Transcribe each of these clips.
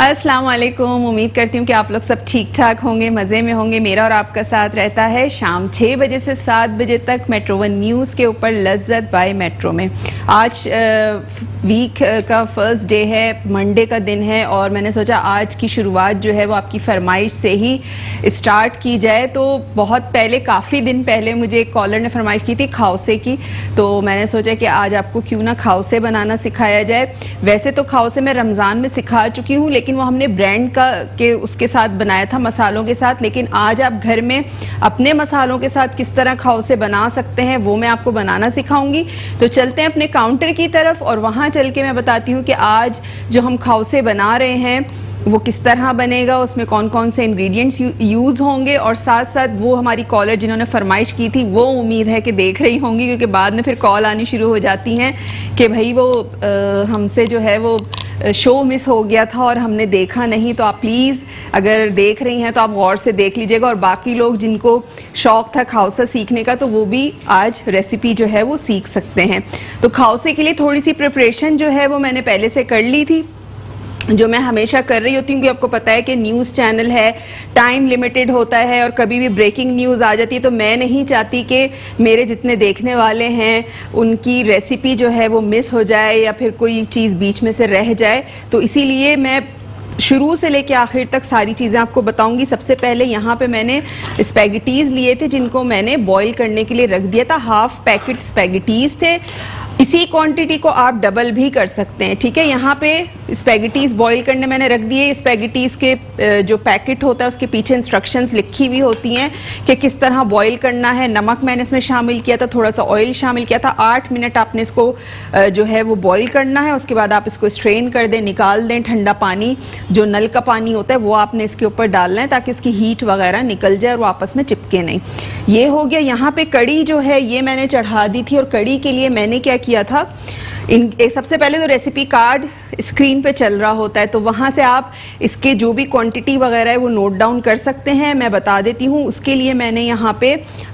अस्सलाम वालेकुम उम्मीद करती हूँ कि आप लोग सब ठीक ठाक होंगे मज़े में होंगे मेरा और आपका साथ रहता है शाम छः बजे से सात बजे तक मेट्रो वन न्यूज़ के ऊपर लज्जत बाय मेट्रो में आज वीक का फर्स्ट डे है मंडे का दिन है और मैंने सोचा आज की शुरुआत जो है वो आपकी फरमाइश से ही स्टार्ट की जाए तो बहुत पहले काफ़ी दिन पहले मुझे एक कॉलर ने फरमाइश की थी खाउसे की तो मैंने सोचा कि आज आपको क्यों ना खाउसे बनाना सिखाया जाए वैसे तो खाउसे मैं रमज़ान में सिखा चुकी हूँ लेकिन वो हमने ब्रांड का के उसके साथ बनाया था मसालों के साथ लेकिन आज आप घर में अपने मसालों के साथ किस तरह खाओ से बना सकते हैं वो मैं आपको बनाना सिखाऊंगी तो चलते हैं अपने काउंटर की तरफ और वहाँ चल के मैं बताती हूँ कि आज जो हम खाओ से बना रहे हैं वो किस तरह बनेगा उसमें कौन कौन से इंग्रेडिएंट्स यूज़ होंगे और साथ साथ वो हमारी कॉलर जिन्होंने फरमाइश की थी वो उम्मीद है कि देख रही होंगी क्योंकि बाद में फिर कॉल आनी शुरू हो जाती हैं कि भाई वो हमसे जो है वो शो मिस हो गया था और हमने देखा नहीं तो आप प्लीज़ अगर देख रही हैं तो आप गौर से देख लीजिएगा और बाकी लोग जिनको शौक़ था खाउसा सीखने का तो वो भी आज रेसिपी जो है वो सीख सकते हैं तो खाउसे के लिए थोड़ी सी प्रिपरेशन जो है वो मैंने पहले से कर ली थी जो मैं हमेशा कर रही होती हूँ क्योंकि आपको पता है कि न्यूज़ चैनल है टाइम लिमिटेड होता है और कभी भी ब्रेकिंग न्यूज़ आ जाती है तो मैं नहीं चाहती कि मेरे जितने देखने वाले हैं उनकी रेसिपी जो है वो मिस हो जाए या फिर कोई चीज़ बीच में से रह जाए तो इसीलिए मैं शुरू से लेके आखिर तक सारी चीज़ें आपको बताऊंगी सबसे पहले यहाँ पे मैंने स्पैगेटीज़ लिए थे जिनको मैंने बॉईल करने के लिए रख दिया था हाफ पैकेट स्पैगेटीज़ थे इसी क्वांटिटी को आप डबल भी कर सकते हैं ठीक है यहाँ पे स्पैगेटीज बॉईल करने मैंने रख दिए स्पैगेटीज के जो पैकेट होता है उसके पीछे इंस्ट्रक्शंस लिखी हुई होती हैं कि किस तरह बॉईल करना है नमक मैंने इसमें शामिल किया था थोड़ा सा ऑयल शामिल किया था आठ मिनट आपने इसको जो है वो बॉयल करना है उसके बाद आप इसको स्ट्रेन कर दें निकाल दें ठंडा पानी जो नल का पानी होता है वो आपने इसके ऊपर डालना है ताकि उसकी हीट वगैरह निकल जाए और आपस में चिपके नहीं ये हो गया यहाँ पर कड़ी जो है ये मैंने चढ़ा दी थी और कड़ी के लिए मैंने क्या किया किया था इन ए, सबसे पहले तो रेसिपी कार्ड स्क्रीन पे चल रहा होता है तो वहाँ से आप इसके जो भी क्वांटिटी वगैरह है वो नोट डाउन कर सकते हैं मैं बता देती हूँ उसके लिए मैंने यहाँ पे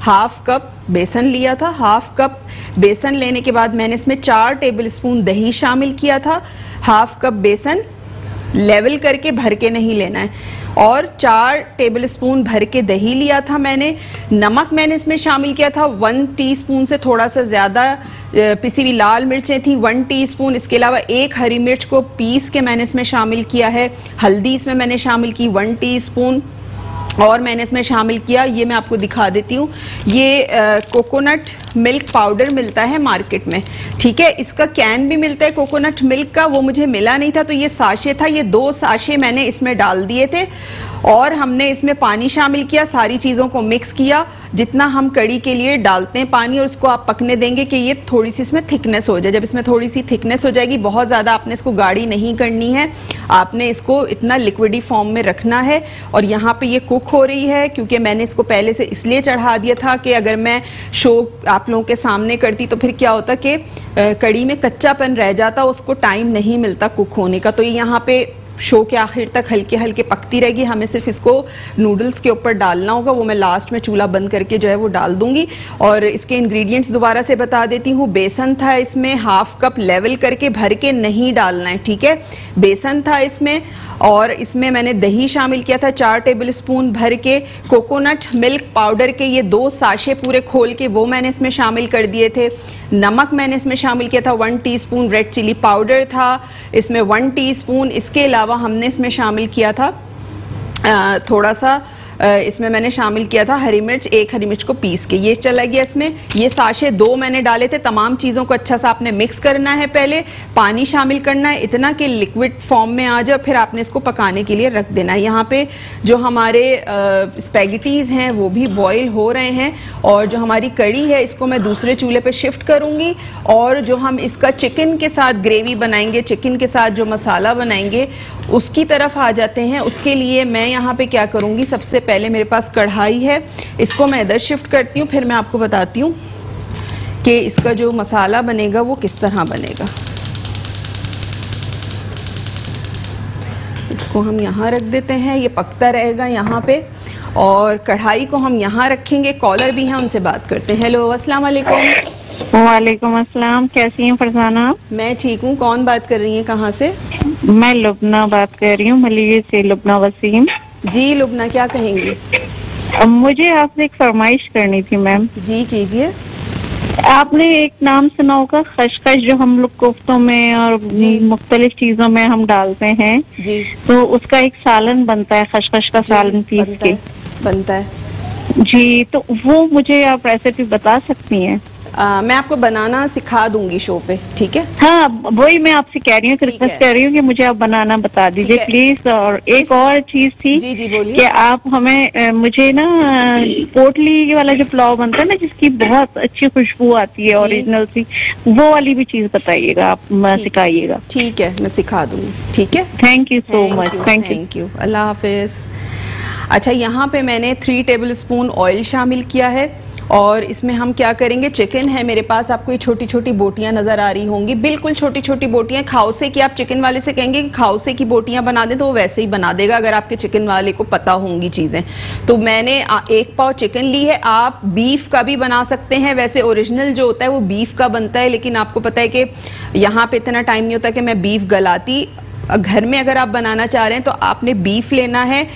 हाफ कप बेसन लिया था हाफ कप बेसन लेने के बाद मैंने इसमें चार टेबल स्पून दही शामिल किया था हाफ कप बेसन लेवल करके भर के नहीं लेना है और चार टेबल स्पून भर के दही लिया था मैंने नमक मैंने इसमें शामिल किया था वन टीस्पून से थोड़ा सा ज़्यादा पिसी हुई लाल मिर्चें थी वन टीस्पून इसके अलावा एक हरी मिर्च को पीस के मैंने इसमें शामिल किया है हल्दी इसमें मैंने शामिल की वन टी और मैंने इसमें शामिल किया ये मैं आपको दिखा देती हूँ ये कोकोनट मिल्क पाउडर मिलता है मार्केट में ठीक है इसका कैन भी मिलता है कोकोनट मिल्क का वो मुझे मिला नहीं था तो ये साशे था ये दो साशे मैंने इसमें डाल दिए थे और हमने इसमें पानी शामिल किया सारी चीज़ों को मिक्स किया जितना हम कड़ी के लिए डालते हैं पानी और उसको आप पकने देंगे कि ये थोड़ी सी इसमें थिकनेस हो जाए जब इसमें थोड़ी सी थिकनेस हो जाएगी बहुत ज़्यादा आपने इसको गाढ़ी नहीं करनी है आपने इसको इतना लिक्विडी फॉर्म में रखना है और यहाँ पे ये कुक हो रही है क्योंकि मैंने इसको पहले से इसलिए चढ़ा दिया था कि अगर मैं शो आप लोगों के सामने करती तो फिर क्या होता कि कड़ी में कच्चापन रह जाता उसको टाइम नहीं मिलता कुक होने का तो ये यहाँ पे शो के आखिर तक हल्के हल्के पकती रहेगी हमें सिर्फ इसको नूडल्स के ऊपर डालना होगा वो मैं लास्ट में चूल्हा बंद करके जो है वो डाल दूंगी और इसके इंग्रेडिएंट्स दोबारा से बता देती हूँ बेसन था इसमें हाफ कप लेवल करके भर के नहीं डालना है ठीक है बेसन था इसमें और इसमें मैंने दही शामिल किया था चार टेबल स्पून भर के कोकोनट मिल्क पाउडर के ये दो साशे पूरे खोल के वो मैंने इसमें शामिल कर दिए थे नमक मैंने इसमें शामिल किया था one teaspoon red chilli powder था इसमें वन टीस्पून इसके अलावा हमने इसमें शामिल किया था थोड़ा सा इसमें मैंने शामिल किया था हरी मिर्च एक हरी मिर्च को पीस के ये चला गया इसमें ये साशे दो मैंने डाले थे तमाम चीज़ों को अच्छा सा आपने मिक्स करना है पहले पानी शामिल करना है इतना कि लिक्विड फॉर्म में आ जाए फिर आपने इसको पकाने के लिए रख देना है यहाँ पे जो हमारे स्पैगटीज़ हैं वो भी बॉयल हो रहे हैं और जो हमारी कड़ी है इसको मैं दूसरे चूल्हे पर शिफ्ट करूँगी और जो हम इसका चिकन के साथ ग्रेवी बनाएंगे चिकन के साथ जो मसाला बनाएंगे उसकी तरफ आ जाते हैं उसके लिए मैं यहाँ पे क्या करूँगी सबसे पहले मेरे पास कढ़ाई है इसको मैं इधर शिफ्ट करती हूँ फिर मैं आपको बताती हूँ कि इसका जो मसाला बनेगा वो किस तरह बनेगा इसको हम यहाँ रख देते हैं ये पकता रहेगा यहाँ पे और कढ़ाई को हम यहाँ रखेंगे कॉलर भी हैं उनसे बात करते हैं हेलो अस्सलाम वालेकुम वालेकुम अस्सलाम कैसी हैं फरजाना मैं ठीक हूँ कौन बात कर रही हैं कहाँ से मैं लुबना बात कर रही हूँ मलिये से लुबना वसीम जी लुबना क्या कहेंगी मुझे आपसे एक फरमाइश करनी थी मैम जी कीजिए आपने एक नाम सुना होगा खशखश जो हम लोग कोफ्तों में और मुख्तलिफ चीजों में हम डालते हैं जी तो उसका एक सालन बनता है खशखश का सालन पीस के बनता है जी तो वो मुझे आप रेसिपी बता सकती हैं आ, मैं आपको बनाना सिखा दूंगी शो पे ठीक है हाँ वही मैं आपसे कह रही हूँ रिक्वेस्ट कर रही हूँ कि मुझे आप बनाना बता दीजिए प्लीज और एक इस... और चीज थी जी जी बोलिए कि आप हमें मुझे ना पोटली वाला जो पुलाव बनता है ना जिसकी बहुत अच्छी खुशबू आती है ओरिजिनल सी वो वाली भी चीज बताइएगा आप सिखाइएगा ठीक है मैं सिखा दूंगी ठीक है thank you so much thank you thank you अल्लाह हाफिज अच्छा यहाँ पे मैंने थ्री टेबल स्पून ऑयल शामिल किया है और इसमें हम क्या करेंगे चिकन है मेरे पास आपको ये छोटी छोटी बोटियाँ नज़र आ रही होंगी बिल्कुल छोटी छोटी बोटियाँ खाउसे की आप चिकन वाले से कहेंगे कि खाउसे की बोटियाँ बना दें तो वो वैसे ही बना देगा अगर आपके चिकन वाले को पता होंगी चीज़ें तो मैंने एक पाव चिकन ली है आप बीफ का भी बना सकते हैं वैसे ओरिजिनल जो होता है वो बीफ का बनता है लेकिन आपको पता है कि यहाँ पर इतना टाइम नहीं होता कि मैं बीफ गलाती घर में अगर आप बनाना चाह रहे हैं तो आपने बीफ लेना है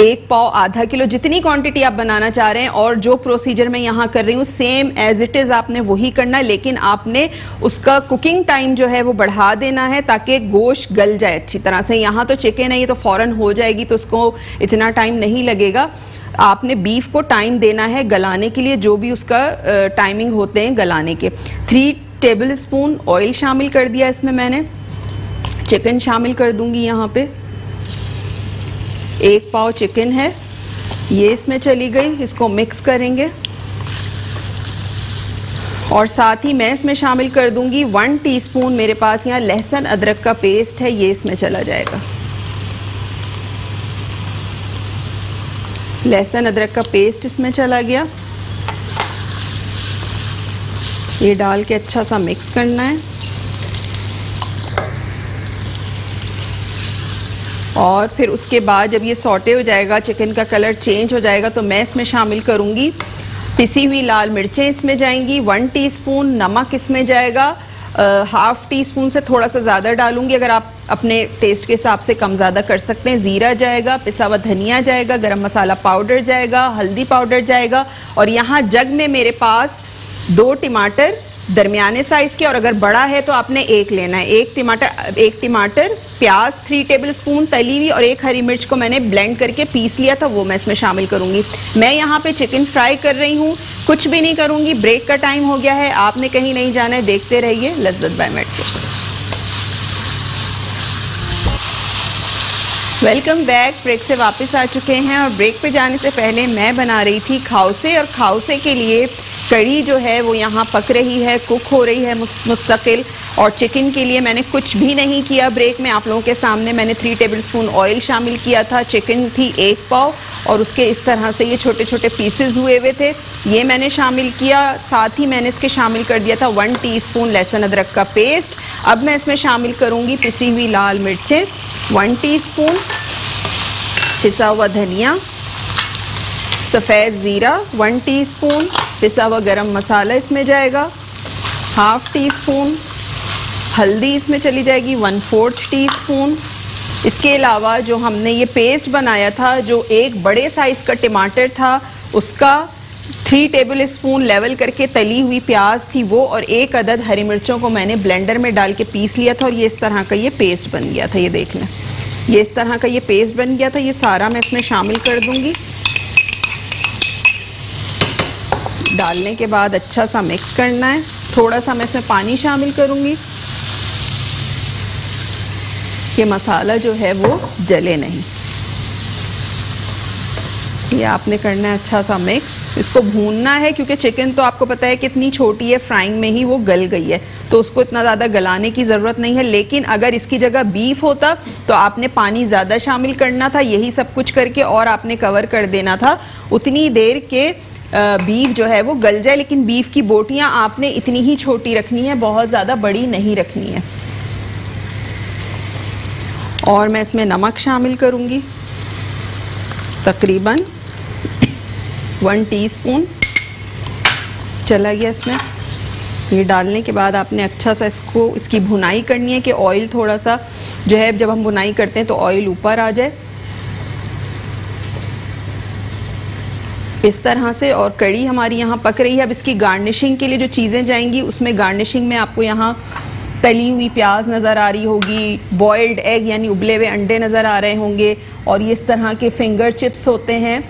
एक पाव आधा किलो जितनी क्वांटिटी आप बनाना चाह रहे हैं और जो प्रोसीजर मैं यहाँ कर रही हूँ सेम एज इट इज़ आपने वही करना है लेकिन आपने उसका कुकिंग टाइम जो है वो बढ़ा देना है ताकि गोश्त गल जाए अच्छी तरह से यहाँ तो चिकन है ये तो फ़ौरन हो जाएगी तो उसको इतना टाइम नहीं लगेगा आपने बीफ को टाइम देना है गलाने के लिए जो भी उसका टाइमिंग होते हैं गलाने के थ्री टेबल स्पून ऑयल शामिल कर दिया इसमें मैंने चिकन शामिल कर दूंगी यहाँ पे एक पाव चिकन है ये इसमें चली गई इसको मिक्स करेंगे और साथ ही मैं इसमें शामिल कर दूंगी वन टीस्पून मेरे पास यहाँ लहसुन अदरक का पेस्ट है ये इसमें चला जाएगा लहसुन अदरक का पेस्ट इसमें चला गया ये डाल के अच्छा सा मिक्स करना है और फिर उसके बाद जब ये सोटे हो जाएगा चिकन का कलर चेंज हो जाएगा तो मैं इसमें शामिल करूँगी पिसी हुई लाल मिर्चें इसमें जाएंगी वन टीस्पून नमक इसमें जाएगा हाफ़ टी स्पून से थोड़ा सा ज़्यादा डालूंगी अगर आप अपने टेस्ट के हिसाब से कम ज़्यादा कर सकते हैं ज़ीरा जाएगा पिसा हुआ धनिया जाएगा गरम मसाला पाउडर जाएगा हल्दी पाउडर जाएगा और यहाँ जग में मेरे पास दो टमाटर दरमियाने साइज़ के और अगर बड़ा है तो आपने एक लेना है एक टमाटर एक टमाटर प्याज थ्री टेबल स्पून तली हुई और एक हरी मिर्च को मैंने ब्लेंड करके पीस लिया था वो मैं इसमें शामिल करूंगी मैं यहाँ पे चिकन फ्राई कर रही हूँ कुछ भी नहीं करूँगी ब्रेक का टाइम हो गया है आपने कहीं नहीं जाना है देखते रहिए लज्जत बाय मेट वेलकम बैक ब्रेक से वापस आ चुके हैं और ब्रेक पे जाने से पहले मैं बना रही थी खाउसे और खाउसे के लिए कड़ी जो है वो यहाँ पक रही है कुक हो रही है मुस्तकिल और चिकन के लिए मैंने कुछ भी नहीं किया ब्रेक में आप लोगों के सामने मैंने थ्री टेबल स्पून ऑयल शामिल किया था चिकन थी एक पाव और उसके इस तरह से ये छोटे छोटे पीसेज हुए हुए थे ये मैंने शामिल किया साथ ही मैंने इसके शामिल कर दिया था वन टी लहसुन अदरक का पेस्ट अब मैं इसमें शामिल करूँगी पिसी हुई लाल मिर्चें वन टी स्पून पिसा हुआ धनिया सफ़ेद ज़ीरा वन टी पिसा हुआ गरम मसाला इसमें जाएगा हाफ टी स्पून हल्दी इसमें चली जाएगी वन फोर्थ टी स्पून इसके अलावा जो हमने ये पेस्ट बनाया था जो एक बड़े साइज़ का टमाटर था उसका थ्री टेबल स्पून लेवल करके तली हुई प्याज थी वो और एक अदद हरी मिर्चों को मैंने ब्लेंडर में डाल के पीस लिया था और ये इस तरह का ये पेस्ट बन गया था ये देख लें ये इस तरह का ये पेस्ट बन गया था ये सारा मैं इसमें शामिल कर दूँगी डालने के बाद अच्छा सा मिक्स करना है थोड़ा सा मैं इसमें पानी शामिल करूँगी कि मसाला जो है वो जले नहीं ये आपने करना है अच्छा सा मिक्स इसको भूनना है क्योंकि चिकन तो आपको पता है कितनी छोटी है फ्राइंग में ही वो गल गई है तो उसको इतना ज़्यादा गलाने की ज़रूरत नहीं है लेकिन अगर इसकी जगह बीफ होता तो आपने पानी ज़्यादा शामिल करना था यही सब कुछ करके और आपने कवर कर देना था उतनी देर के बीफ जो है वो गल जाए लेकिन बीफ की बोटियाँ आपने इतनी ही छोटी रखनी है बहुत ज़्यादा बड़ी नहीं रखनी है और मैं इसमें नमक शामिल करूँगी तकरीबन वन टीस्पून चला गया इसमें ये डालने के बाद आपने अच्छा सा इसको इसकी भुनाई करनी है कि ऑयल थोड़ा सा जो है जब हम भुनाई करते हैं तो ऑयल ऊपर आ जाए इस तरह से और कड़ी हमारी यहाँ पक रही है अब इसकी गार्निशिंग के लिए जो चीज़ें जाएंगी उसमें गार्निशिंग में आपको यहाँ तली हुई प्याज नज़र आ रही होगी बॉयल्ड एग यानी उबले हुए अंडे नज़र आ रहे होंगे और ये इस तरह के फिंगर चिप्स होते हैं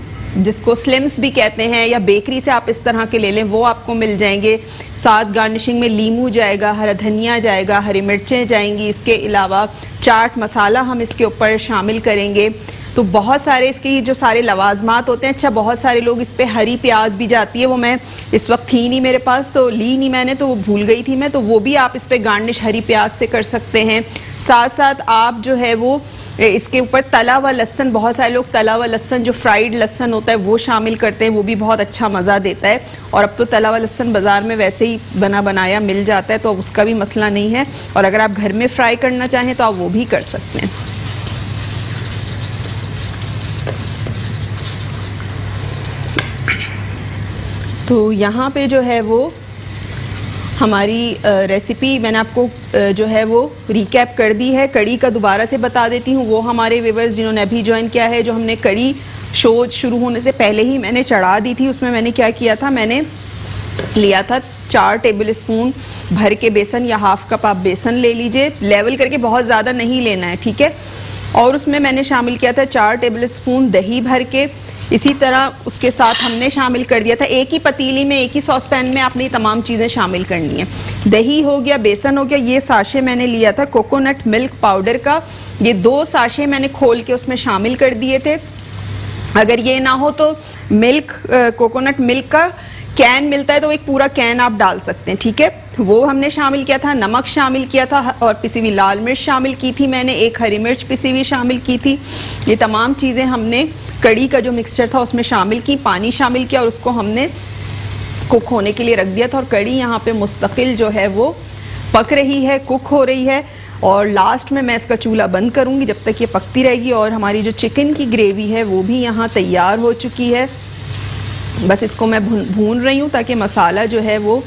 जिसको स्लिम्स भी कहते हैं या बेकरी से आप इस तरह के ले लें वो आपको मिल जाएंगे साथ गार्निशिंग में लीमू जाएगा हरा धनिया जाएगा हरी मिर्चें जाएंगी इसके अलावा चाट मसाला हम इसके ऊपर शामिल करेंगे तो बहुत सारे इसके जो सारे लवाजमात होते हैं अच्छा बहुत सारे लोग इस पर हरी प्याज भी जाती है वो मैं इस वक्त थी नहीं मेरे पास तो ली नहीं मैंने तो वो भूल गई थी मैं तो वो भी आप इस पर गार्निश हरी प्याज से कर सकते हैं साथ साथ आप जो है वो इसके ऊपर तला व लहसन बहुत सारे लोग तला व लहसन जो फ्राइड लहसन होता है वो शामिल करते हैं वो भी बहुत अच्छा मज़ा देता है और अब तो तला व लहसन बाज़ार में वैसे ही बना बनाया मिल जाता है तो उसका भी मसला नहीं है और अगर आप घर में फ्राई करना चाहें तो आप वो भी कर सकते हैं तो यहाँ पे जो है वो हमारी रेसिपी मैंने आपको जो है वो रिकैप कर दी है कड़ी का दोबारा से बता देती हूँ वो हमारे व्यूवर्स जिन्होंने अभी ज्वाइन किया है जो हमने कड़ी शो शुरू होने से पहले ही मैंने चढ़ा दी थी उसमें मैंने क्या किया था मैंने लिया था चार टेबल स्पून भर के बेसन या हाफ कप आप बेसन ले लीजिए लेवल करके बहुत ज़्यादा नहीं लेना है ठीक है और उसमें मैंने शामिल किया था चार टेबल स्पून दही भर के इसी तरह उसके साथ हमने शामिल कर दिया था एक ही पतीली में एक ही सॉस पैन में आपने ये तमाम चीज़ें शामिल करनी है दही हो गया बेसन हो गया ये साशे मैंने लिया था कोकोनट मिल्क पाउडर का ये दो साशे मैंने खोल के उसमें शामिल कर दिए थे अगर ये ना हो तो मिल्क कोकोनट मिल्क का कैन मिलता है तो एक पूरा कैन आप डाल सकते हैं ठीक है वो हमने शामिल किया था नमक शामिल किया था और पिसी हुई लाल मिर्च शामिल की थी मैंने एक हरी मिर्च पिसी हुई शामिल की थी ये तमाम चीज़ें हमने कड़ी का जो मिक्सचर था उसमें शामिल की पानी शामिल किया और उसको हमने कुक होने के लिए रख दिया था और कड़ी यहाँ पे मुस्तकिल जो है वो पक रही है कुक हो रही है और लास्ट में मैं इसका चूल्हा बंद करूँगी जब तक ये पकती रहेगी और हमारी जो चिकन की ग्रेवी है वो भी यहाँ तैयार हो चुकी है बस इसको मैं भून रही हूँ ताकि मसाला जो है वो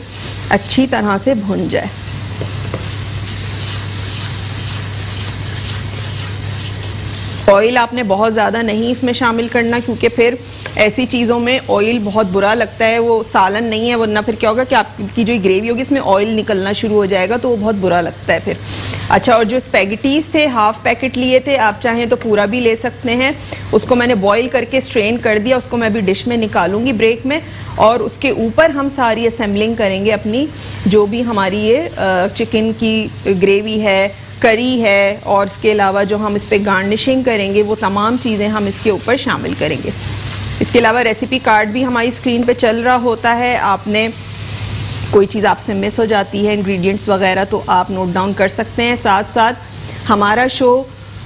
अच्छी तरह से भुन जाए ऑयल आपने बहुत ज़्यादा नहीं इसमें शामिल करना क्योंकि फिर ऐसी चीज़ों में ऑयल बहुत बुरा लगता है वो सालन नहीं है वरना फिर क्या होगा कि आपकी जो ग्रेवी होगी इसमें ऑयल निकलना शुरू हो जाएगा तो वो बहुत बुरा लगता है फिर अच्छा और जो स्पेगटीज़ थे हाफ पैकेट लिए थे आप चाहें तो पूरा भी ले सकते हैं उसको मैंने बॉईल करके स्ट्रेन कर दिया उसको मैं अभी डिश में निकालूंगी ब्रेक में और उसके ऊपर हम सारी असेंबलिंग करेंगे अपनी जो भी हमारी ये चिकन की ग्रेवी है करी है और इसके अलावा जो हम इस पर गार्निशिंग करेंगे वो तमाम चीज़ें हम इसके ऊपर शामिल करेंगे इसके अलावा रेसिपी कार्ड भी हमारी स्क्रीन पे चल रहा होता है आपने कोई चीज़ आपसे मिस हो जाती है इंग्रेडिएंट्स वगैरह तो आप नोट डाउन कर सकते हैं साथ साथ हमारा शो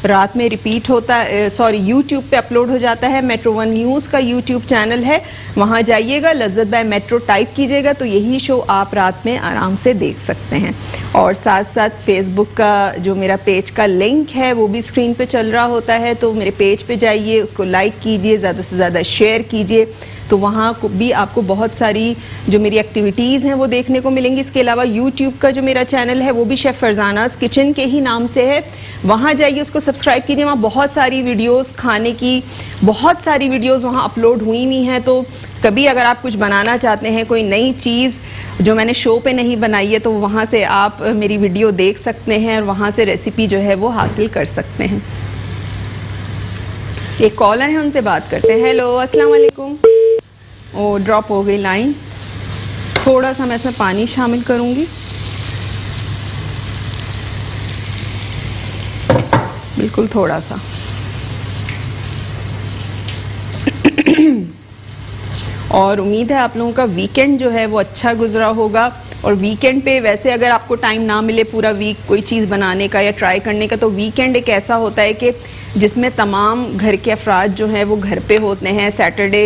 रात में रिपीट होता सॉरी यूट्यूब पे अपलोड हो जाता है मेट्रो वन न्यूज़ का यूट्यूब चैनल है वहाँ जाइएगा लज्जत बाय मेट्रो टाइप कीजिएगा तो यही शो आप रात में आराम से देख सकते हैं और साथ साथ फेसबुक का जो मेरा पेज का लिंक है वो भी स्क्रीन पे चल रहा होता है तो मेरे पेज पे जाइए उसको लाइक कीजिए ज़्यादा से ज़्यादा शेयर कीजिए तो वहाँ भी आपको बहुत सारी जो मेरी एक्टिविटीज़ हैं वो देखने को मिलेंगी इसके अलावा यूट्यूब का जो मेरा चैनल है वो भी शेफ़ फरजानास किचन के ही नाम से है वहाँ जाइए उसको सब्सक्राइब कीजिए वहाँ बहुत सारी वीडियोज़ खाने की बहुत सारी वीडियोज़ वहाँ अपलोड हुई हुई हैं तो कभी अगर आप कुछ बनाना चाहते हैं कोई नई चीज़ जो मैंने शो पे नहीं बनाई है तो वहाँ से आप मेरी वीडियो देख सकते हैं और वहाँ से रेसिपी जो है वो हासिल कर सकते हैं एक कॉलर है उनसे बात करते हैं हेलो अस्सलाम वालेकुम वो ड्रॉप हो गई लाइन थोड़ा सा मैं इसमें पानी शामिल करूँगी बिल्कुल थोड़ा सा और उम्मीद है आप लोगों का वीकेंड जो है वो अच्छा गुजरा होगा और वीकेंड पे वैसे अगर आपको टाइम ना मिले पूरा वीक कोई चीज़ बनाने का या ट्राई करने का तो वीकेंड एक ऐसा होता है कि जिसमें तमाम घर के अफराद जो हैं वो घर पे होते हैं सैटरडे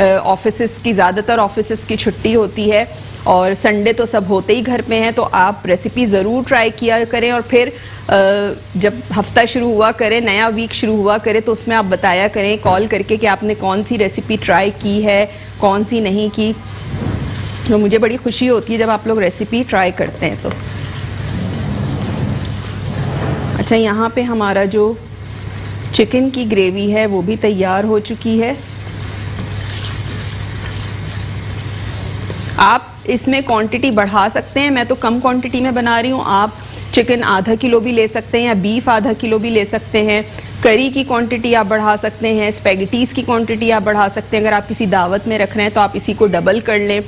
ऑफिस uh, की ज़्यादातर ऑफिस की छुट्टी होती है और संडे तो सब होते ही घर पे हैं तो आप रेसिपी ज़रूर ट्राई किया करें और फिर uh, जब हफ्ता शुरू हुआ करें नया वीक शुरू हुआ करें तो उसमें आप बताया करें कॉल करके कि आपने कौन सी रेसिपी ट्राई की है कौन सी नहीं की तो मुझे बड़ी खुशी होती है जब आप लोग रेसिपी ट्राई करते हैं तो अच्छा यहाँ पे हमारा जो चिकन की ग्रेवी है वो भी तैयार हो चुकी है आप इसमें क्वांटिटी बढ़ा सकते हैं मैं तो कम क्वांटिटी में बना रही हूँ आप चिकन आधा किलो भी ले सकते हैं या बीफ आधा किलो भी ले सकते हैं करी की क्वांटिटी आप बढ़ा सकते हैं स्पेगटीज़ की क्वांटिटी आप बढ़ा सकते हैं अगर आप किसी दावत में रख रहे हैं तो आप इसी को डबल कर लें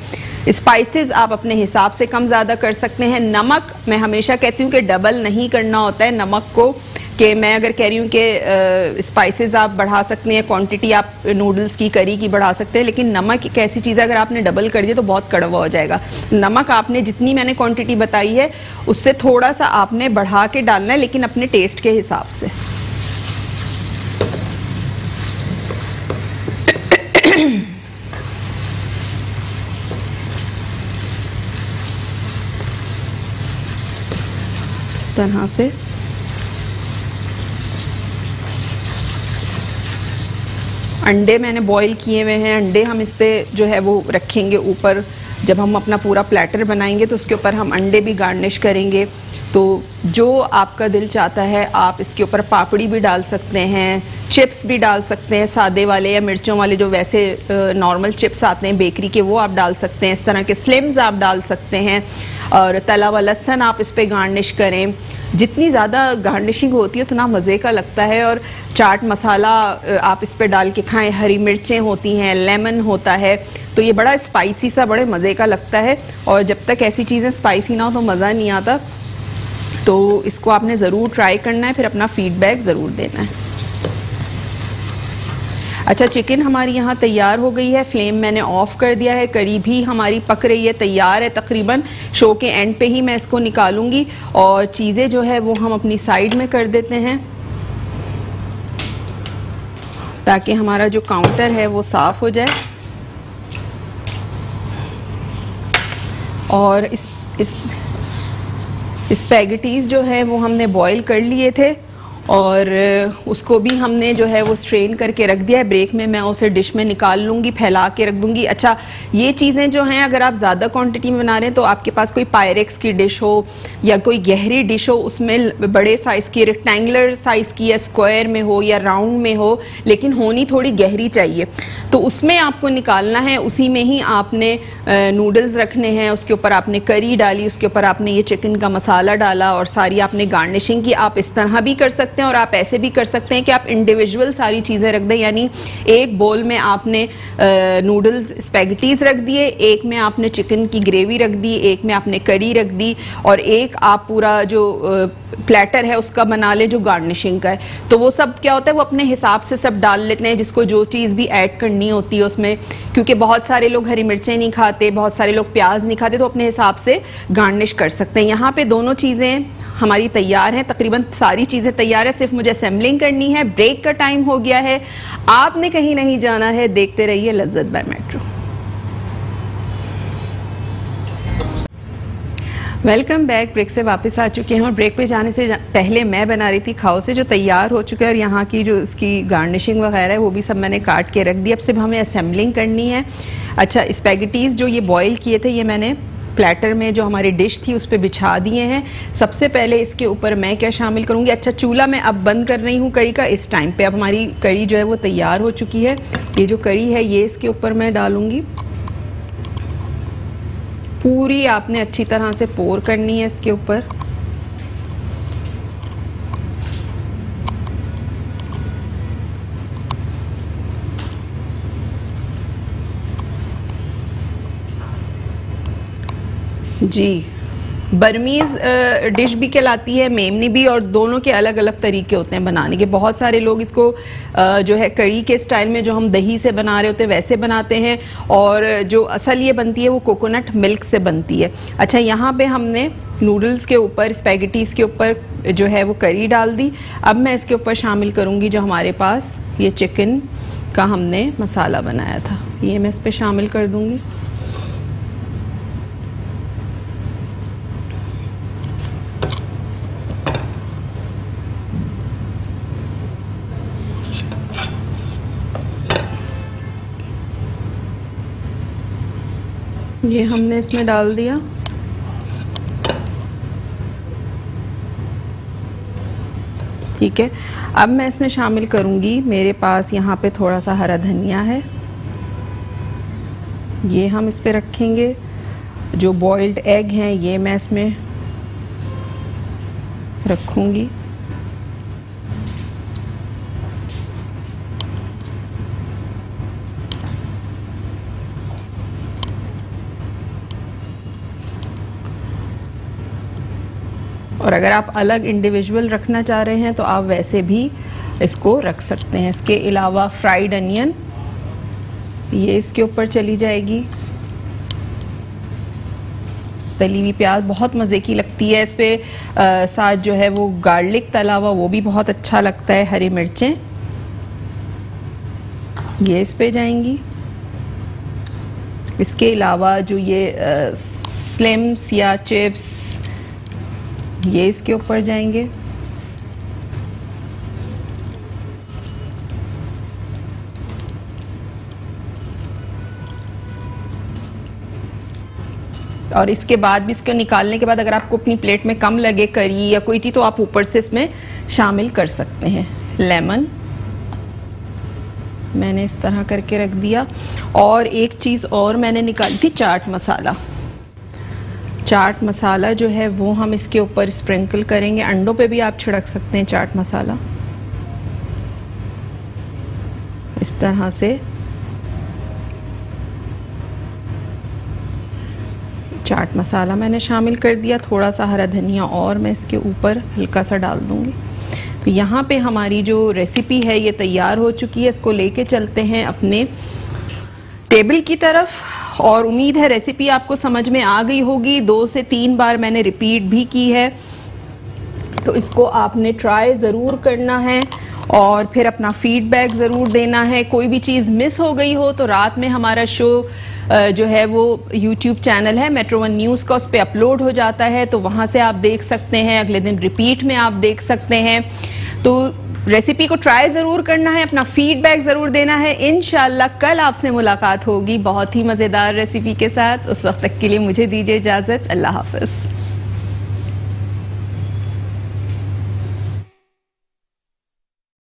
स्पाइसेस आप अपने हिसाब से कम ज़्यादा कर सकते हैं नमक मैं हमेशा कहती हूँ कि डबल नहीं करना होता है नमक को कि मैं अगर कह रही हूँ कि स्पाइसेस आप बढ़ा सकते हैं क्वांटिटी आप नूडल्स की करी की बढ़ा सकते हैं लेकिन नमक एक ऐसी चीज़ अगर आपने डबल कर दिया तो बहुत कड़वा हो जाएगा नमक आपने जितनी मैंने क्वांटिटी बताई है उससे थोड़ा सा आपने बढ़ा के डालना है लेकिन अपने टेस्ट के हिसाब से इस तरह से अंडे मैंने बॉईल किए हुए हैं अंडे हम इस पर जो है वो रखेंगे ऊपर जब हम अपना पूरा प्लेटर बनाएंगे तो उसके ऊपर हम अंडे भी गार्निश करेंगे तो जो आपका दिल चाहता है आप इसके ऊपर पापड़ी भी डाल सकते हैं चिप्स भी डाल सकते हैं सादे वाले या मिर्चों वाले जो वैसे नॉर्मल चिप्स आते हैं बेकरी के वो आप डाल सकते हैं इस तरह के स्लिम्स आप डाल सकते हैं और तला हुआ लहसन आप इस पर गार्निश करें जितनी ज़्यादा गार्निशिंग होती है उतना मज़े का लगता है और चाट मसाला आप इस पर डाल के खाएं हरी मिर्चें होती हैं लेमन होता है तो ये बड़ा स्पाइसी सा बड़े मज़े का लगता है और जब तक ऐसी चीज़ें स्पाइसी ना हो तो मज़ा नहीं आता तो इसको आपने ज़रूर ट्राई करना है फिर अपना फ़ीडबैक ज़रूर देना है अच्छा चिकन हमारी यहाँ तैयार हो गई है फ्लेम मैंने ऑफ कर दिया है करी भी हमारी पक रही है तैयार है तकरीबन शो के एंड पे ही मैं इसको निकालूंगी और चीज़ें जो है वो हम अपनी साइड में कर देते हैं ताकि हमारा जो काउंटर है वो साफ़ हो जाए और इस इस स्पैगटीज़ जो है वो हमने बॉईल कर लिए थे और उसको भी हमने जो है वो स्ट्रेन करके रख दिया है ब्रेक में मैं उसे डिश में निकाल लूँगी फैला के रख दूँगी अच्छा ये चीज़ें जो हैं अगर आप ज़्यादा क्वांटिटी में बना रहे हैं तो आपके पास कोई पायरेक्स की डिश हो या कोई गहरी डिश हो उसमें बड़े साइज़ की रेक्टेंगुलर साइज़ की या स्क्वायर में हो या राउंड में हो लेकिन होनी थोड़ी गहरी चाहिए तो उसमें आपको निकालना है उसी में ही आपने नूडल्स रखने हैं उसके ऊपर आपने करी डाली उसके ऊपर आपने ये चिकन का मसाला डाला और सारी आपने गार्निशिंग की आप इस तरह भी कर सकते सकते हैं और आप ऐसे भी कर सकते हैं कि आप इंडिविजुअल सारी चीज़ें रख दें यानी एक बोल में आपने नूडल्स स्पैगटीज़ रख दिए एक में आपने चिकन की ग्रेवी रख दी एक में आपने कड़ी रख दी और एक आप पूरा जो प्लेटर है उसका बना लें जो गार्निशिंग का है तो वो सब क्या होता है वो अपने हिसाब से सब डाल लेते हैं जिसको जो चीज़ भी ऐड करनी होती है उसमें क्योंकि बहुत सारे लोग हरी मिर्चें नहीं खाते बहुत सारे लोग प्याज नहीं खाते तो अपने हिसाब से गार्निश कर सकते हैं यहाँ पे दोनों चीज़ें हमारी तैयार है तकरीबन सारी चीज़ें तैयार है सिर्फ मुझे असेंबलिंग करनी है ब्रेक का टाइम हो गया है आपने कहीं नहीं जाना है देखते रहिए Lazzat by Metro welcome back break से वापस आ चुके हैं और ब्रेक पे जाने से जा, पहले मैं बना रही थी खाओ से जो तैयार हो चुका है और यहाँ की जो उसकी गार्निशिंग वगैरह है वो भी सब मैंने काट के रख दी अब सिर्फ हमें असेंबलिंग करनी है अच्छा स्पैगेटीज़ जो ये बॉईल किए थे ये मैंने प्लेटर में जो हमारी डिश थी उस पर बिछा दिए हैं सबसे पहले इसके ऊपर मैं क्या शामिल करूँगी अच्छा चूल्हा मैं अब बंद कर रही हूँ करी का इस टाइम पे अब हमारी करी जो है वो तैयार हो चुकी है ये जो करी है ये इसके ऊपर मैं डालूँगी पूरी आपने अच्छी तरह से पोर करनी है इसके ऊपर जी बर्मीज़ डिश भी कहलाती है मेमनी भी और दोनों के अलग अलग तरीके होते हैं बनाने के बहुत सारे लोग इसको जो है कड़ी के स्टाइल में जो हम दही से बना रहे होते हैं वैसे बनाते हैं और जो असल ये बनती है वो कोकोनट मिल्क से बनती है अच्छा यहाँ पे हमने नूडल्स के ऊपर स्पैगेटीज़ के ऊपर जो है वो करी डाल दी अब मैं इसके ऊपर शामिल करूँगी जो हमारे पास ये चिकन का हमने मसाला बनाया था ये मैं इस पर शामिल कर दूँगी ये हमने इसमें डाल दिया ठीक है अब मैं इसमें शामिल करूंगी मेरे पास यहाँ पे थोड़ा सा हरा धनिया है ये हम इस पर रखेंगे जो बॉइल्ड एग हैं ये मैं इसमें रखूँगी और अगर आप अलग इंडिविजुअल रखना चाह रहे हैं तो आप वैसे भी इसको रख सकते हैं इसके अलावा फ्राइड अनियन ये इसके ऊपर चली जाएगी तली हुई प्याज बहुत मज़े की लगती है इस पर साथ जो है वो गार्लिक तला हुआ वो भी बहुत अच्छा लगता है हरी मिर्चें ये इस पर जाएंगी इसके अलावा जो ये आ, स्लिम्स या चिप्स ये इसके ऊपर जाएंगे और इसके बाद भी इसको निकालने के बाद अगर आपको अपनी प्लेट में कम लगे करी या कोई थी तो आप ऊपर से इसमें शामिल कर सकते हैं लेमन मैंने इस तरह करके रख दिया और एक चीज़ और मैंने निकाली थी चाट मसाला चाट मसाला जो है वो हम इसके ऊपर स्प्रिंकल करेंगे अंडों पे भी आप छिड़क सकते हैं चाट मसाला इस तरह से चाट मसाला मैंने शामिल कर दिया थोड़ा सा हरा धनिया और मैं इसके ऊपर हल्का सा डाल दूंगी तो यहाँ पे हमारी जो रेसिपी है ये तैयार हो चुकी है इसको लेके चलते हैं अपने टेबल की तरफ और उम्मीद है रेसिपी आपको समझ में आ गई होगी दो से तीन बार मैंने रिपीट भी की है तो इसको आपने ट्राई ज़रूर करना है और फिर अपना फीडबैक ज़रूर देना है कोई भी चीज़ मिस हो गई हो तो रात में हमारा शो जो है वो यूट्यूब चैनल है मेट्रो वन न्यूज़ का उस पर अपलोड हो जाता है तो वहाँ से आप देख सकते हैं अगले दिन रिपीट में आप देख सकते हैं तो रेसिपी को ट्राई ज़रूर करना है अपना फीडबैक ज़रूर देना है इन कल आपसे मुलाकात होगी बहुत ही मज़ेदार रेसिपी के साथ उस वक्त तक के लिए मुझे दीजिए इजाज़त अल्लाह हाफ़